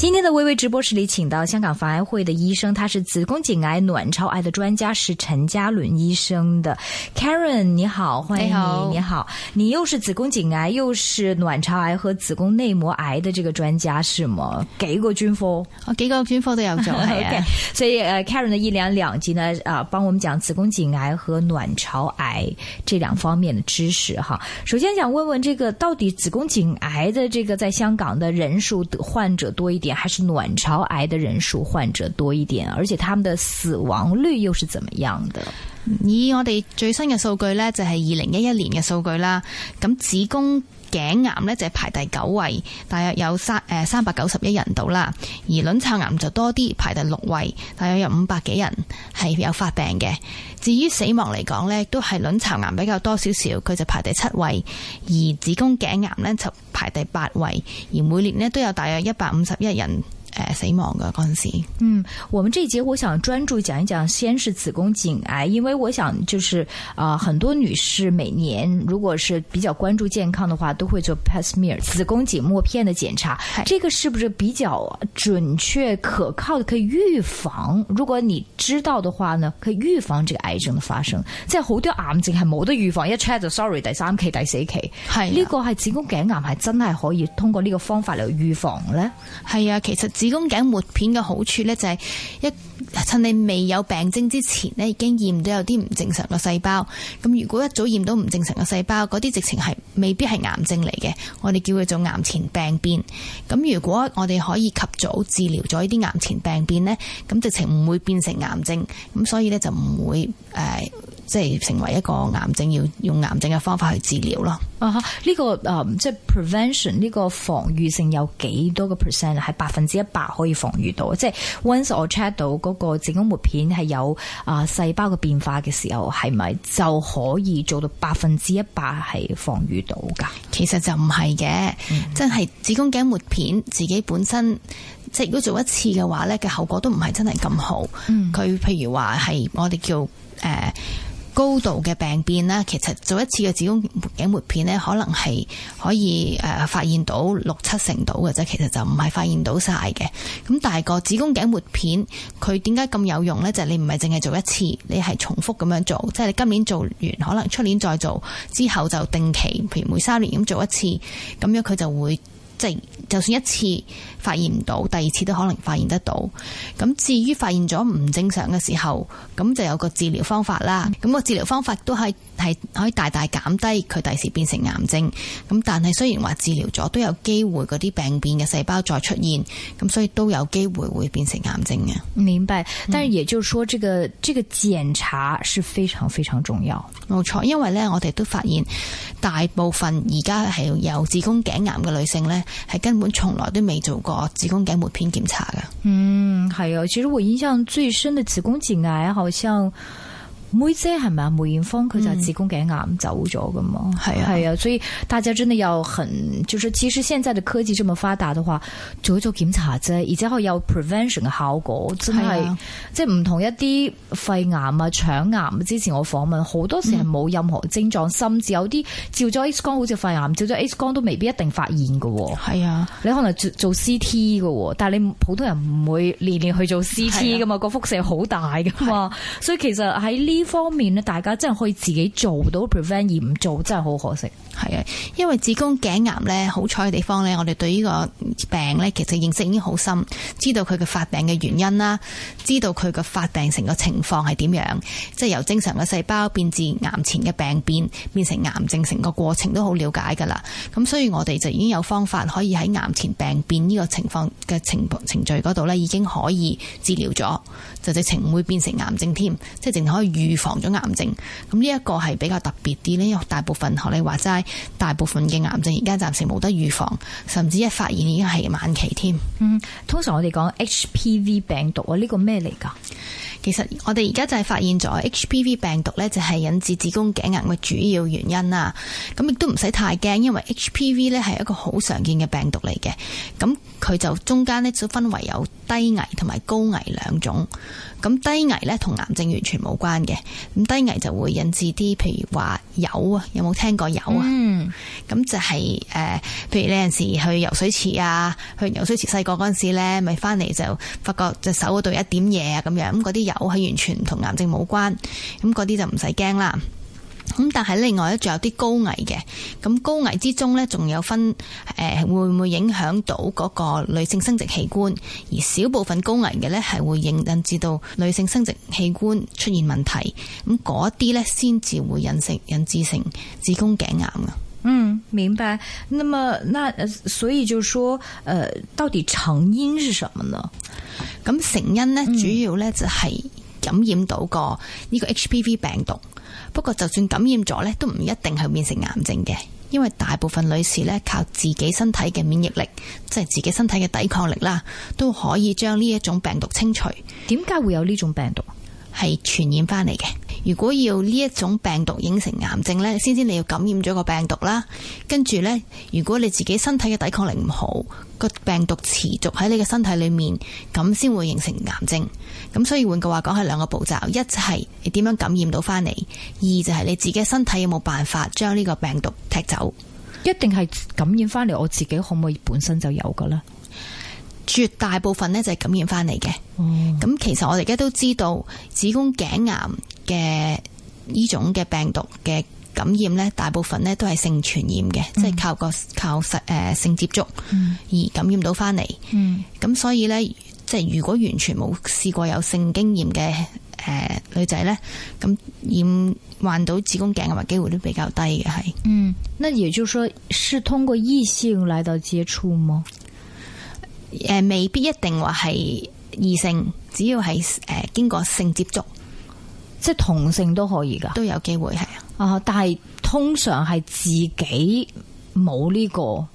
今天的微微直播室裏，請到香港防癌會的醫生，他是子宮頸癌、卵巢癌的專家，是陳嘉倫醫生的 Karen，你好，歡迎你，哎、好你好，你又是子宮頸癌，又是卵巢癌和子宮內膜癌的這個專家是嗎？給個軍風，哦、給個軍風都要做， okay, 所以、uh, Karen 的一兩兩集呢，啊，幫我們講子宮頸癌和卵巢癌這兩方面的知識哈。首先想問問這個到底子宮頸癌的這個在香港的人數的患者多一點？還是卵巢癌的人數患者多一點，而且他們的死亡率又是怎麼樣的？以我哋最新嘅數據呢，就係二零一一年嘅數據啦。咁子宮頸癌呢，就係排第九位，大約有三誒三百九十一人到啦。而卵巢癌就多啲，排第六位，大約有五百幾人係有發病嘅。至於死亡嚟講呢，都係卵巢癌比較多少少，佢就排第七位。而子宮頸癌呢，就排第八位，而每年呢，都有大約一百五十一人。死亡噶嗰陣時，嗯，我們這一節我想專注講一講，先是子宮頸癌，因為我想就是，啊、呃，很多女士每年如果是比較關注健康的話，都會做 Pap smear、er, 子宮頸抹片的檢查，這個是不是比較準確可靠，可以預防？如果你知道的話呢，可以預防這個癌症的發生。即係好多癌症係冇得預防，一 check 就 sorry 第三期第四期，係呢、啊、個係子宮頸癌係真係可以通過呢個方法嚟預防呢？係啊，其實宮頸抹片嘅好處咧、就是，就係一趁你未有病徵之前咧，已經驗到有啲唔正常嘅細胞。咁如果一早驗到唔正常嘅細胞，嗰啲直情係未必係癌症嚟嘅，我哋叫佢做癌前病變。咁如果我哋可以及早治療咗呢啲癌前病變呢，咁直情唔會變成癌症。咁所以呢，就唔會誒。即係成為一個癌症，要用癌症嘅方法去治療咯。啊哈！呢、這個誒、呃，即係 prevention 呢個防御性有幾多個 percent？係百分之一百可以防御到？即係 once 我 check 到嗰個子宮抹片係有啊細胞嘅變化嘅時候，係咪就可以做到百分之一百係防御到㗎？其實就唔係嘅，嗯、真係子宮頸抹片、嗯、自己本身，即係如果做一次嘅話咧，嘅、嗯、後果都唔係真係咁好。佢譬、嗯、如話係我哋叫誒。呃呃高度嘅病變咧，其實做一次嘅子宮頸抹片咧，可能係可以誒發現到六七成到嘅啫。其實就唔係發現到晒嘅。咁但係個子宮頸抹片佢點解咁有用咧？就係、是、你唔係淨係做一次，你係重複咁樣做，即係你今年做完，可能出年再做，之後就定期，譬如每三年咁做一次，咁樣佢就會。即就算一次發現唔到，第二次都可能發現得到。咁至於發現咗唔正常嘅時候，咁就有個治療方法啦。咁個、嗯、治療方法都係係可以大大減低佢第時變成癌症。咁但係雖然話治療咗都有機會嗰啲病變嘅細胞再出現，咁所以都有機會會變成癌症嘅。明白。但係也就係說，這個、嗯、這個檢查是非常非常重要。冇錯，因為咧，我哋都發現大部分而家係有子宮頸癌嘅女性咧，係根本從來都未做過子宮頸抹片檢查嘅。嗯，係啊，其實我印象最深的子宮頸癌，好像。妹姐係咪啊？梅艷芳佢就子宮頸癌走咗噶嘛？係啊係啊，所以大家真的有很，就是其實現在的科技這麼發達的話，做一做檢查啫，而且可以有 prevention 嘅效果，真係、啊、即係唔同一啲肺癌啊、腸癌。之前我訪問好多時係冇任何症狀，嗯、甚至有啲照咗 X 光好似肺癌，照咗 X 光都未必一定發現噶。係啊，你可能做做 CT 噶，但係你普通人唔會年年去做 CT 噶嘛，啊啊、個輻射好大噶嘛，是是所以其實喺呢。呢方面咧，大家真係可以自己做到 prevent，而唔做真係好可惜。係啊，因為子宮頸癌咧，好彩嘅地方咧，我哋對呢個病咧，其實認識已經好深，知道佢嘅發病嘅原因啦，知道佢嘅發病成個情況係點樣，即係由正常嘅細胞變至癌前嘅病變，變成癌症成個過程都好了解噶啦。咁所以我哋就已經有方法可以喺癌前病變呢個情況嘅程程序嗰度咧，已經可以治療咗，就直情唔會變成癌症添，即係淨可以預。預防咗癌症，咁呢一個係比較特別啲呢，因為大部分學你話齋，大部分嘅癌症而家暫時冇得預防，甚至一發現已經係晚期添。嗯，通常我哋講 HPV 病毒啊，呢個咩嚟噶？其實我哋而家就係發現咗 HPV 病毒呢就係引致子宮頸癌嘅主要原因啦。咁亦都唔使太驚，因為 HPV 呢係一個好常見嘅病毒嚟嘅。咁佢就中間呢，就分為有低危同埋高危兩種。咁低危咧，同癌症完全冇關嘅。咁低危就會引致啲，譬如話疣啊，有冇聽過疣啊？咁、嗯、就係、是、誒、呃，譬如呢陣時去游水池啊，去游水池，細個嗰陣時咧，咪翻嚟就發覺隻手嗰度一點嘢啊，咁樣，咁嗰啲疣係完全同癌症冇關，咁嗰啲就唔使驚啦。咁但係另外咧，仲有啲高危嘅。咁高危之中咧，仲有分誒、呃，會唔會影響到嗰個女性生殖器官？而少部分高危嘅咧，係會引引致到女性生殖器官出現問題。咁啲咧，先至會引成引致成子宮頸癌啊。嗯，明白。那麼，那所以就說，誒、呃，到底成因是什麼呢？咁成因咧，主要咧就係感染到個呢個 HPV 病毒。不過就算感染咗咧，都唔一定係變成癌症嘅，因為大部分女士咧，靠自己身體嘅免疫力，即係自己身體嘅抵抗力啦，都可以將呢一種病毒清除。點解會有呢種病毒？係傳染翻嚟嘅。如果要呢一種病毒形成癌症呢，先至你要感染咗個病毒啦，跟住呢，如果你自己身體嘅抵抗力唔好，個病毒持續喺你嘅身體裏面，咁先會形成癌症。咁所以換句話講，係兩個步驟，一係你點樣感染到翻嚟，二就係你自己身體有冇辦法將呢個病毒踢走。一定係感染翻嚟，我自己可唔可以本身就有噶咧？絕大部分呢，就係感染翻嚟嘅。咁、嗯、其實我哋而家都知道子宮頸癌。嘅呢種嘅病毒嘅感染咧，大部分咧都係性傳染嘅，嗯、即係靠個靠實誒、呃、性接觸而感染到翻嚟。咁、嗯、所以咧，即係如果完全冇試過有性經驗嘅誒女仔咧，咁、呃、染、呃、患到子宮頸癌嘅話，機會都比較低嘅係。嗯，那也就是說，是通過異性嚟到接觸嗎？誒、呃，未必一定話係異性，只要係誒、呃、經過性接觸。即係同性都可以噶，都有機會係啊、哦。但係通常係自己冇呢個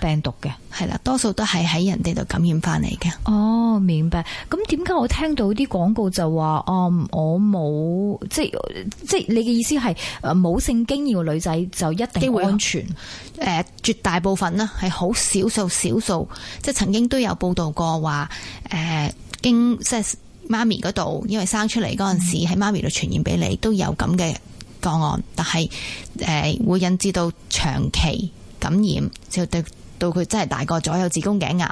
病毒嘅，係啦，多數都係喺人哋度感染翻嚟嘅。哦，明白。咁點解我聽到啲廣告就話，啊、嗯，我冇，即係即係你嘅意思係，誒，冇性經驗嘅女仔就一定安全？誒、啊呃，絕大部分呢係好少數少數，即係曾經都有報道過話，誒、呃，經即媽咪嗰度，因為生出嚟嗰陣時喺、嗯、媽咪度傳染俾你，都有咁嘅個案，但係誒、呃、會引致到長期感染，就到到佢真係大個咗有子宮頸癌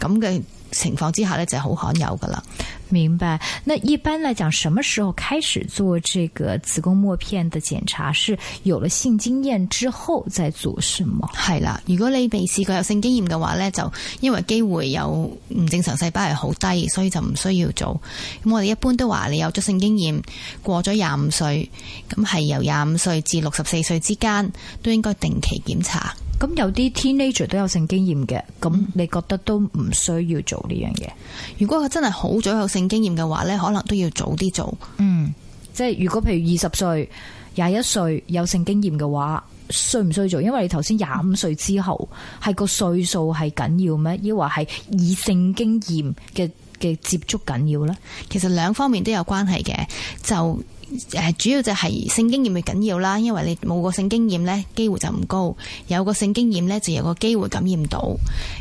咁嘅情況之下咧就係好罕有噶啦，明白？那一般來講，什麼時候開始做這個子宮抹片的檢查？是有了性經驗之後再做麼是嗎？係啦，如果你未試過有性經驗嘅話呢，就因為機會有唔正常細胞係好低，所以就唔需要做。咁我哋一般都話你有咗性經驗，過咗廿五歲，咁係由廿五歲至六十四歲之間都應該定期檢查。咁有啲 teenager 都有性經驗嘅，咁你覺得都唔需要做呢樣嘢？如果佢真係好早有性經驗嘅話咧，可能都要早啲做。嗯，即係如果譬如二十歲、廿一歲有性經驗嘅話，需唔需要做？因為你頭先廿五歲之後係個歲數係緊要咩？抑或係以性經驗嘅嘅接觸緊要咧？其實兩方面都有關係嘅，就。誒，主要就係性經驗咪緊要啦，因為你冇個性經驗咧，機會就唔高；有個性經驗咧，就有個機會感染到。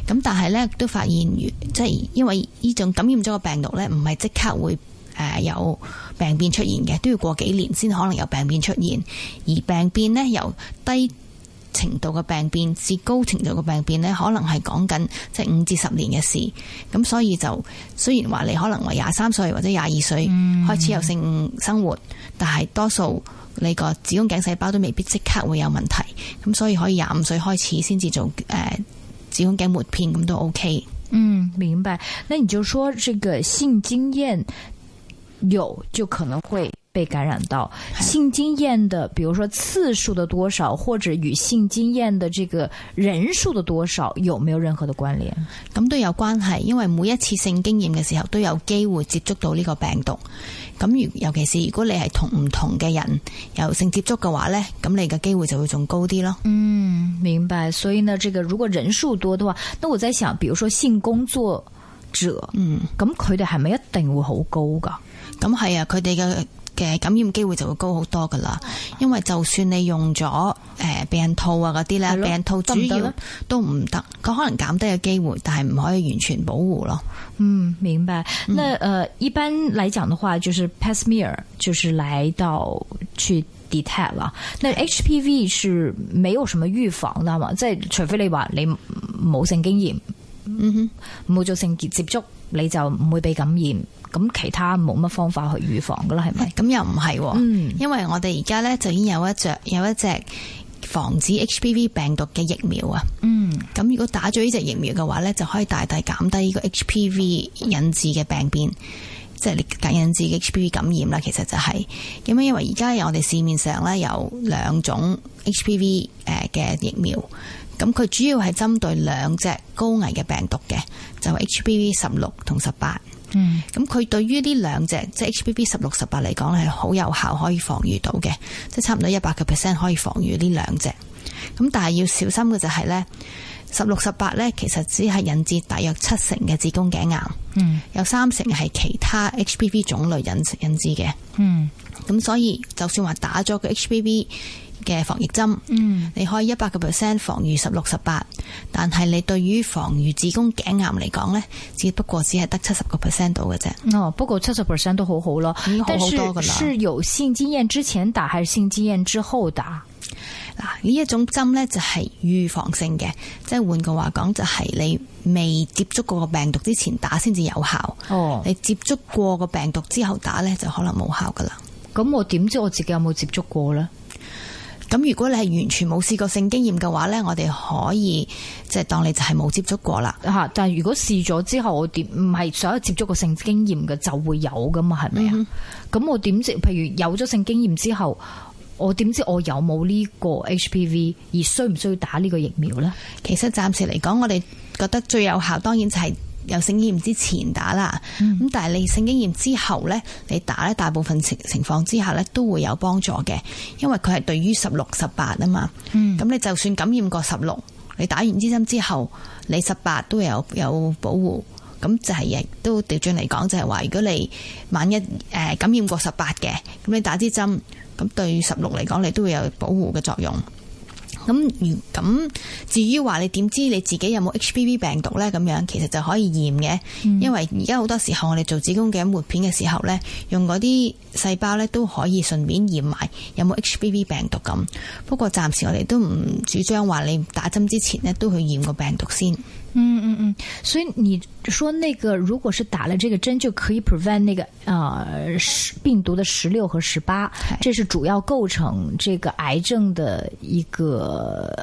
咁但係咧，都發現即係因為呢種感染咗個病毒咧，唔係即刻會誒有病變出現嘅，都要過幾年先可能有病變出現，而病變咧由低程度嘅病變至高程度嘅病變咧，可能係講緊即係五至十年嘅事。咁所以就雖然話你可能話廿三歲或者廿二歲開始有性生活，嗯、但係多數你個子宮頸細胞都未必即刻會有問題。咁所以可以廿五歲開始先至做誒、呃、子宮頸抹片咁都 O、OK、K。嗯，明白。那你就說，這個性經驗有就可能會。被感染到的性經驗的，比如說次數的多少，或者與性經驗的這個人數的多少，有沒有任何的關聯啊？咁都有關係，因為每一次性經驗嘅時候都有機會接觸到呢個病毒。咁如尤其是如果你係同唔同嘅人有性接觸嘅話咧，咁你嘅機會就會仲高啲咯。嗯，明白。所以呢，這個如果人數多的話，那我在想，比如說性工作者，嗯，咁佢哋係咪一定會好高噶？咁係啊，佢哋嘅。嘅感染機會就會高好多噶啦，因為就算你用咗誒避孕套啊嗰啲咧，避孕套、嗯、避孕套主要行行都唔得，佢可能減低嘅機會，但係唔可以完全保護咯。嗯，明白。那誒、呃、一般嚟講嘅話，就是 Pap smear 就是來到去 detect 啦。那 HPV 是沒有什麼預防嘅嘛，即係除非你話你冇性經驗，嗯哼，冇做性接觸，你就唔會被感染。咁其他冇乜方法去預防噶啦，係咪？咁又唔係，因為我哋而家咧就已經有一隻有一隻防止 HPV 病毒嘅疫苗啊。嗯，咁如果打咗呢隻疫苗嘅話咧，就可以大大減低呢個 HPV 引致嘅病變，即係你引致嘅 HPV 感染啦。其實就係、是，因為因為而家我哋市面上咧有兩種 HPV 誒嘅疫苗，咁佢主要係針對兩隻高危嘅病毒嘅，就係 HPV 十六同十八。嗯，咁佢對於呢兩隻即係 HPV 十六、十八嚟講咧，係好有效可以防御到嘅，即係差唔多一百個 percent 可以防御呢兩隻。咁但係要小心嘅就係、是、呢，十六、十八呢，其實只係引致大約七成嘅子宮頸癌，嗯，有三成係其他 HPV 種類引引致嘅，嗯。咁所以就算話打咗個 HPV。嘅防疫針，嗯、你可以一百個 percent 防御十六十八，18, 但係你對於防御子宮頸癌嚟講咧，只不過只係得七十個 percent 度嘅啫。哦，不過七十 percent 都好好咯，已經好多噶啦。是有性經驗之前打，還是性經驗之後打？嗱、嗯，呢一種針咧就係預防性嘅，即係換句話講，就係、是、你未接觸過個病毒之前打先至有效。哦，你接觸過個病毒之後打咧，就可能冇效噶啦。咁、哦、我點知我自己有冇接觸過咧？咁如果你係完全冇試過性經驗嘅話呢，我哋可以即係、就是、當你就係冇接觸過啦吓、啊。但係如果試咗之後，我點唔係所有接觸過性經驗嘅就會有噶嘛？係咪啊？咁、嗯、哼我點知？譬如有咗性經驗之後，我點知我有冇呢個 HPV 而需唔需要打呢個疫苗呢？其實暫時嚟講，我哋覺得最有效當然就係、是。有性經驗之前打啦，咁、嗯、但係你性經驗之後呢，你打呢大部分情情況之下呢，都會有幫助嘅，因為佢係對於十六、十八啊嘛。咁、嗯、你就算感染過十六，你打完支針之後，你十八都有有保護。咁就係、是、亦都調轉嚟講，就係、是、話如果你萬一誒感染過十八嘅，咁你打支針，咁對十六嚟講，你都會有保護嘅作用。咁如咁，至於話你點知你自己有冇 H B V 病毒呢？咁樣其實就可以驗嘅。嗯、因為而家好多時候我哋做子宮頸活片嘅時候呢，用嗰啲細胞咧都可以順便驗埋有冇 H B V 病毒咁。不過暫時我哋都唔主張話你打針之前咧都去驗個病毒先。嗯嗯嗯，所以你說那個如果是打了這個針就可以 prevent 那個，呃，病毒的十六和十八是，這是主要構成這個癌症的一個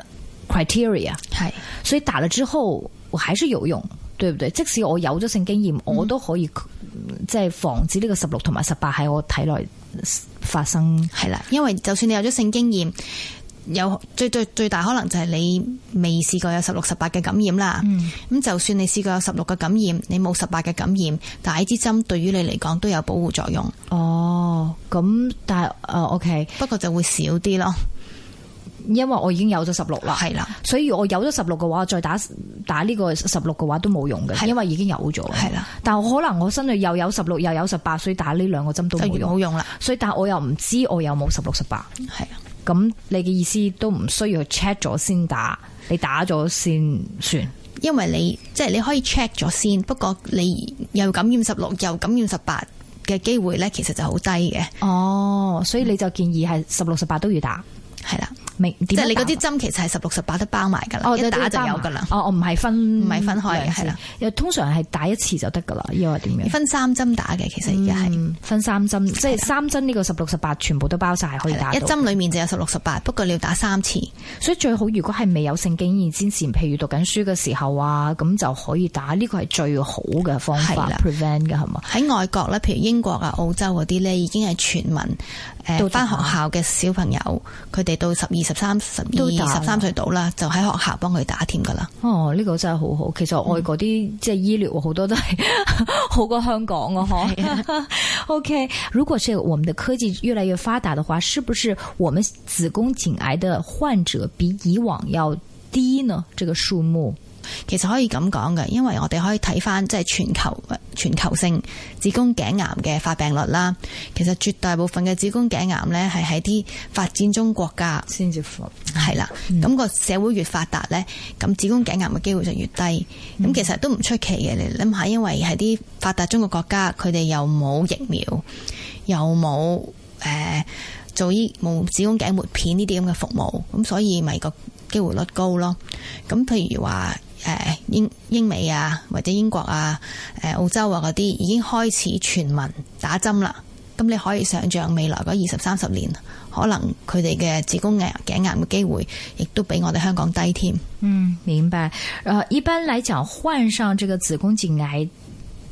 criteria。係是，所以打了之後，我還是有用，對不對？即使我有咗性經驗，我都可以即係防止呢個十六同埋十八喺我體內發生。係啦，因為就算你有咗性經驗。有最最最大可能就係你未試過有十六十八嘅感染啦。咁、嗯、就算你試過有十六嘅感染，你冇十八嘅感染，但係呢支針對於你嚟講都有保護作用。哦，咁但係 OK 不過就會少啲咯。因為我已經有咗十六啦，係啦，所以我有咗十六嘅話，再打打呢個十六嘅話都冇用嘅，是的 因為已經有咗。係啦，但係可能我身度又有十六又有十八，所以打呢兩個針都冇用，冇用啦。所以但我又唔知我有冇十六十八，係是的 咁你嘅意思都唔需要去 check 咗先打，你打咗先算。因為你即係、就是、你可以 check 咗先，不過你又感染十六又感染十八嘅機會咧，其實就好低嘅。哦，所以你就建議係十六、十八都要打，係啦。 即係你嗰啲針其實係十六十八都包埋㗎啦，一打就有㗎啦。哦，我唔係分唔係分開嘅，係啦。又通常係打一次就得㗎啦，要係點樣？分三針打嘅，其實而家係分三針，即係三針呢個十六十八全部都包晒，可以打到一針裡面就有十六十八，不過你要打三次，所以最好如果係未有性經驗之前，譬如讀緊書嘅時候啊，咁就可以打呢個係最好嘅方法 prevent 嘅係嘛？喺外國咧，譬如英國啊、澳洲嗰啲咧，已經係全民到翻學校嘅小朋友，佢哋到十二。十三、十二、十三歲到啦，就喺學校幫佢打填㗎啦。哦，呢、這個真係好好。其實外國啲即係醫療好多都係 好過香港啊！吓，OK。如果是我們的科技越來越發達的話，是不是我們子宮頸癌的患者比以往要低呢？這個數目？其實可以咁講嘅，因為我哋可以睇翻即係全球，全球性子宮頸癌嘅發病率啦。其實絕大部分嘅子宮頸癌呢，係喺啲發展中國家先至發，係啦的。咁個、嗯、社會越發達呢，咁子宮頸癌嘅機會就越低。咁、嗯、其實都唔出奇嘅，你諗下，因為係啲發達中國國家，佢哋又冇疫苗，又冇誒、呃、做醫冇子宮頸抹片呢啲咁嘅服務，咁所以咪個機會率高咯。咁譬如話。誒，英英美啊，或者英國啊，誒、呃，澳洲啊嗰啲已經開始全民打針啦。咁你可以想象未來嗰二十三十年，可能佢哋嘅子宮頸癌嘅機會，亦都比我哋香港低添。嗯，明白。誒，一般來講，患上這個子宮頸癌，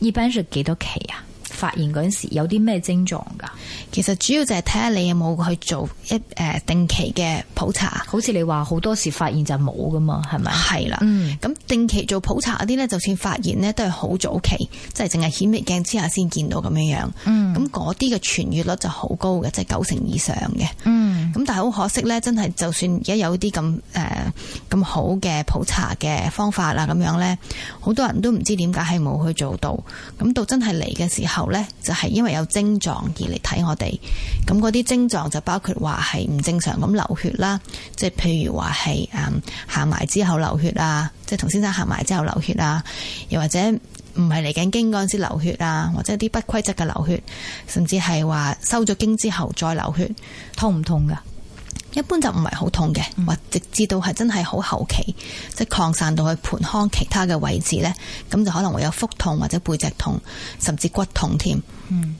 一般是幾多期啊？發現嗰陣時有啲咩症狀噶？其實主要就係睇下你有冇去做一誒定期嘅普查，好似你話好多時發現就冇噶嘛，係咪？係啦了，咁、嗯、定期做普查嗰啲咧，就算發現咧都係好早期，即係淨係顯微鏡之下先見到咁樣樣。咁嗰啲嘅痊愈率就好高嘅，即、就、係、是、九成以上嘅。嗯咁但係好可惜咧，真係就算而家有啲咁誒咁好嘅普查嘅方法啦，咁樣咧，好多人都唔知點解係冇去做到。咁到真係嚟嘅時候咧，就係因為有症狀而嚟睇我哋。咁嗰啲症狀就包括話係唔正常咁流血啦，即係譬如話係誒行埋之後流血啊，即係同先生行埋之後流血啊，又或者。唔係嚟緊經嗰陣時流血啊，或者啲不規則嘅流血，甚至係話收咗經之後再流血。痛唔痛㗎？一般就唔係好痛嘅，或、嗯、直至到係真係好後期，即係擴散到去盆腔其他嘅位置呢，咁就可能會有腹痛或者背脊痛，甚至骨痛添。嗯，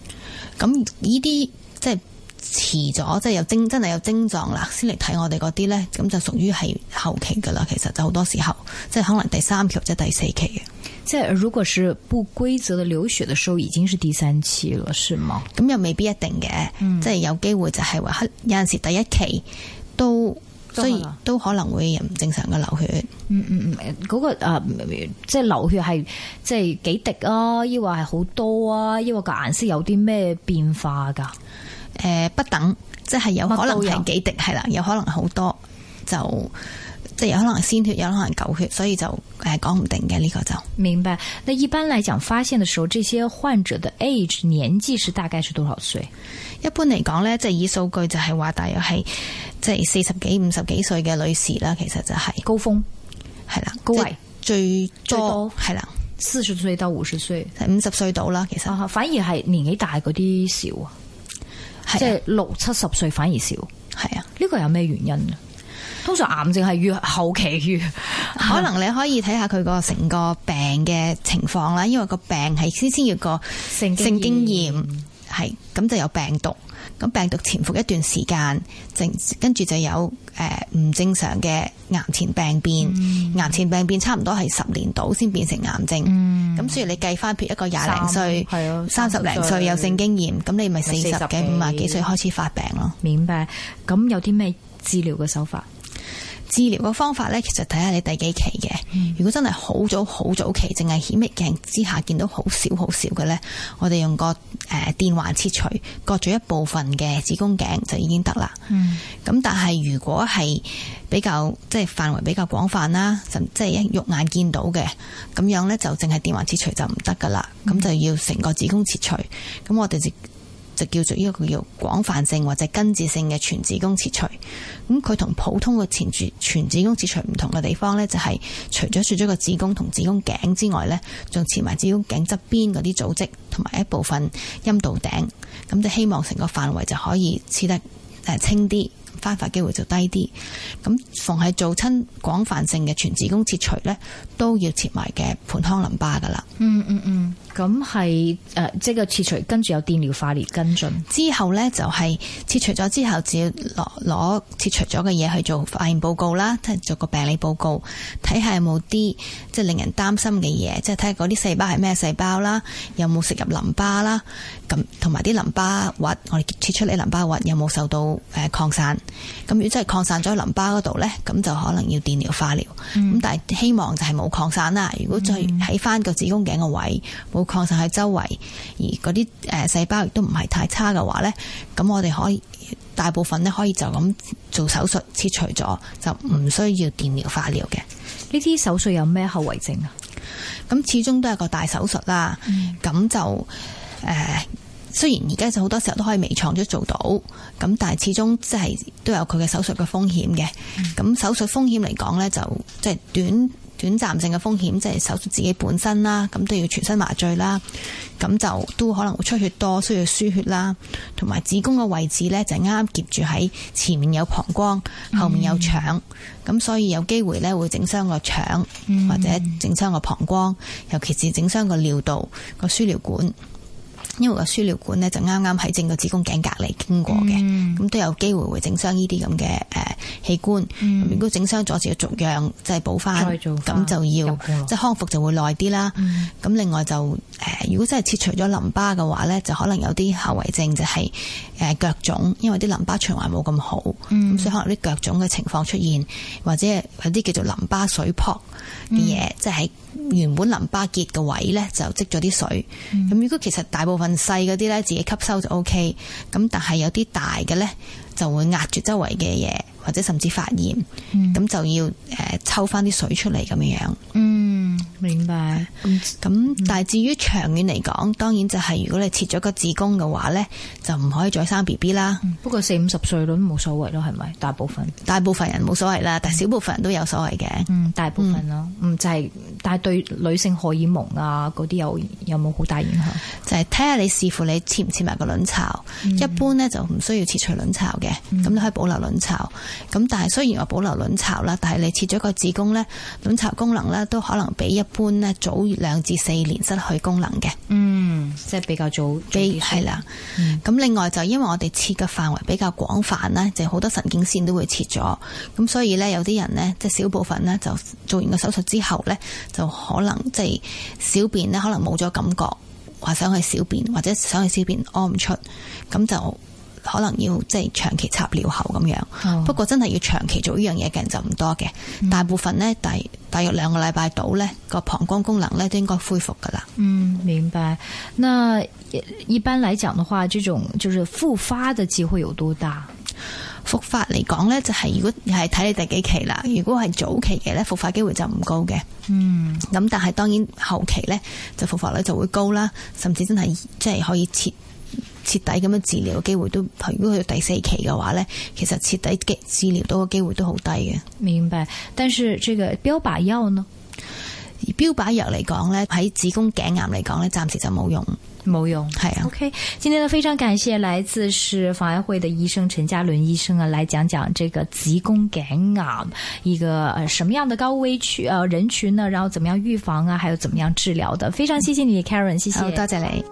咁呢啲即係。遲咗，即係有症，真係有症狀啦，先嚟睇我哋嗰啲咧，咁就屬於係後期噶啦。其實就好多時候，即係可能第三期或者第四期嘅。即係如果是不規則嘅流血的時候，已經是第三期了，是嗎？咁又未必一定嘅，嗯、即係有機會就係話，有陣時第一期都，所以都可能會唔正常嘅流血。嗰、嗯嗯嗯嗰個誒、呃，即係流血係即係幾滴啊？抑或係好多啊？抑或個顏色有啲咩變化噶？誒、呃，不等，即係有可能係幾滴，係啦，有可能好多，就即係有可能鮮血，有可能舊血，所以就誒講唔定嘅呢、這個就。明白。那一般嚟講，發現嘅時候，這些患者嘅 age 年紀是大概是多少歲？一般嚟講呢，即係以數據就係話大約係即係四十幾、五十幾歲嘅女士啦。其實就係、是、高峰，係啦的，高危最多係啦，四十歲到五十歲，五十歲到啦。其實、啊、反而係年紀大嗰啲少即係六七十歲反而少，係啊？呢個有咩原因？通常癌症係越後期越， 可能你可以睇下佢嗰個成個病嘅情況啦。因為病個病係先先要個性經驗係，咁、嗯、就有病毒。咁病毒潛伏一段時間，正跟住就有誒唔正常嘅癌前病變，嗯、癌前病變差唔多係十年度先變成癌症。咁、嗯、所以你計翻脱一個廿零歲，三,三十零歲有性經驗，咁你咪四十幾五十幾歲開始發病咯，明白？咁有啲咩治療嘅手法？治療嘅方法呢，其實睇下你第幾期嘅。嗯、如果真係好早好早期，淨係顯微鏡之下見到好少好少嘅呢，我哋用個誒電環切除割咗一部分嘅子宮頸就已經得啦。咁、嗯、但係如果係比較即係範圍比較廣泛啦，即係肉眼見到嘅咁樣呢，就淨係電環切除就唔得㗎啦。咁、嗯、就要成個子宮切除。咁我哋，就叫做呢一個叫廣泛性或者根治性嘅全子宮切除，咁佢同普通嘅前絕全子宮切除唔同嘅地方呢，就係、是、除咗取咗個子宮同子宮頸之外呢，仲切埋子宮頸側邊嗰啲組織同埋一部分陰道頂，咁就希望成個範圍就可以切得誒清啲。翻發機會就低啲，咁逢係做親廣泛性嘅全子宮切除咧，都要切埋嘅盆腔淋巴噶啦。 嗯嗯嗯，咁係誒，即係個切除跟住有電療化療跟進之後咧，就係、是、切除咗之後，只攞攞切除咗嘅嘢去做化驗報告啦，即係做個病理報告，睇下有冇啲即係令人擔心嘅嘢，即係睇下嗰啲細胞係咩細胞啦，有冇食入淋巴啦，咁同埋啲淋巴核，我哋切除啲淋巴核有冇受到誒擴散？咁如果真係擴散咗淋巴嗰度呢，咁就可能要電療、化療。嗯。咁但係希望就係冇擴散啦。如果再喺翻個子宮頸個位冇擴散喺周圍，而嗰啲誒細胞亦都唔係太差嘅話呢，咁我哋可以大部分呢，可以就咁做手術切除咗，就唔需要電療、化療嘅。呢啲手術有咩後遺症啊？咁始終都係個大手術啦，咁就誒。呃雖然而家就好多時候都可以微創都做到，咁但係始終即係都有佢嘅手術嘅風險嘅。咁、嗯、手術風險嚟講呢，就即、是、係短短暫性嘅風險，即、就、係、是、手術自己本身啦，咁都要全身麻醉啦，咁就都可能會出血多，需要輸血啦，同埋子宮嘅位置呢，就啱啱夾住喺前面有膀胱，後面有腸，咁、嗯、所以有機會呢會整傷個腸，或者整傷個膀胱，尤其是整傷個尿道個輸尿管。因為個輸尿管咧就啱啱喺正個子宮頸隔離經過嘅，咁、嗯、都有機會會整傷呢啲咁嘅誒器官。嗯、如果整傷咗就要續養，過即係補翻。咁就要即係康復就會耐啲啦。咁、嗯、另外就誒，如果真係切除咗淋巴嘅話咧，就可能有啲後遺症，就係誒腳腫，因為啲淋巴循環冇咁好，咁、嗯、所以可能啲腳腫嘅情況出現，或者有啲叫做淋巴水泡。嘅嘢，嗯、即係喺原本淋巴結嘅位咧，就積咗啲水。咁、嗯、如果其實大部分細嗰啲咧，自己吸收就 O K。咁但係有啲大嘅咧，就會壓住周圍嘅嘢，或者甚至發炎。咁、嗯、就要誒抽翻啲水出嚟咁樣樣。嗯明白，咁、嗯、但係至於長遠嚟講，嗯、當然就係如果你切咗個子宮嘅話呢，就唔可以再生 BB 啦。不過四五十歲都冇所謂咯，係咪？大部分大部分人冇所謂啦，嗯、但係少部分人都有所謂嘅、嗯。大部分咯，嗯就係，但係對女性荷爾蒙啊嗰啲有有冇好大影響？就係睇下你視乎你切唔切埋個卵巢，嗯、一般呢，就唔需要切除卵巢嘅，咁你、嗯、可以保留卵巢。咁但係雖然話保留卵巢啦，但係你切咗個子宮呢，卵巢功能呢都可能比。一般咧，早兩至四年失去功能嘅，嗯，即係比較早。係啦比，咁另外就因為我哋切嘅範圍比較廣泛咧，就好、是、多神經綫都會切咗，咁所以咧有啲人咧，即係小部分咧，就做完個手術之後咧，就可能即係、就是、小便咧，可能冇咗感覺，話想去小便或者想去小便屙唔出，咁就。可能要即係長期插尿喉咁樣，哦、不過真係要長期做呢樣嘢嘅人就唔多嘅，嗯、大部分呢，大大約兩個禮拜到呢個膀胱功能呢，都應該恢復噶啦。嗯，明白。那一般來講嘅話，這種就是復發的機會有多大？復發嚟講呢，就係、是、如果係睇你第幾期啦。如果係早期嘅呢，復發機會就唔高嘅。嗯，咁但係當然後期呢，就復發率就會高啦，甚至真係即係可以切。徹底咁樣治療嘅機會都，如果佢第四期嘅話呢，其實徹底嘅治療到嘅機會都好低嘅。明白，但是這個標靶藥呢？標靶藥嚟講呢，喺子宮頸癌嚟講呢，暫時就冇用，冇用，係啊。OK，今天都非常感謝來自是防癌會嘅醫生陳嘉倫醫生啊，來講講這個子宮頸癌一個什麼樣的高危群人群呢、啊？然後怎麼樣預防啊？還有怎麼樣治療的？非常謝謝你，Karen，謝謝多謝你。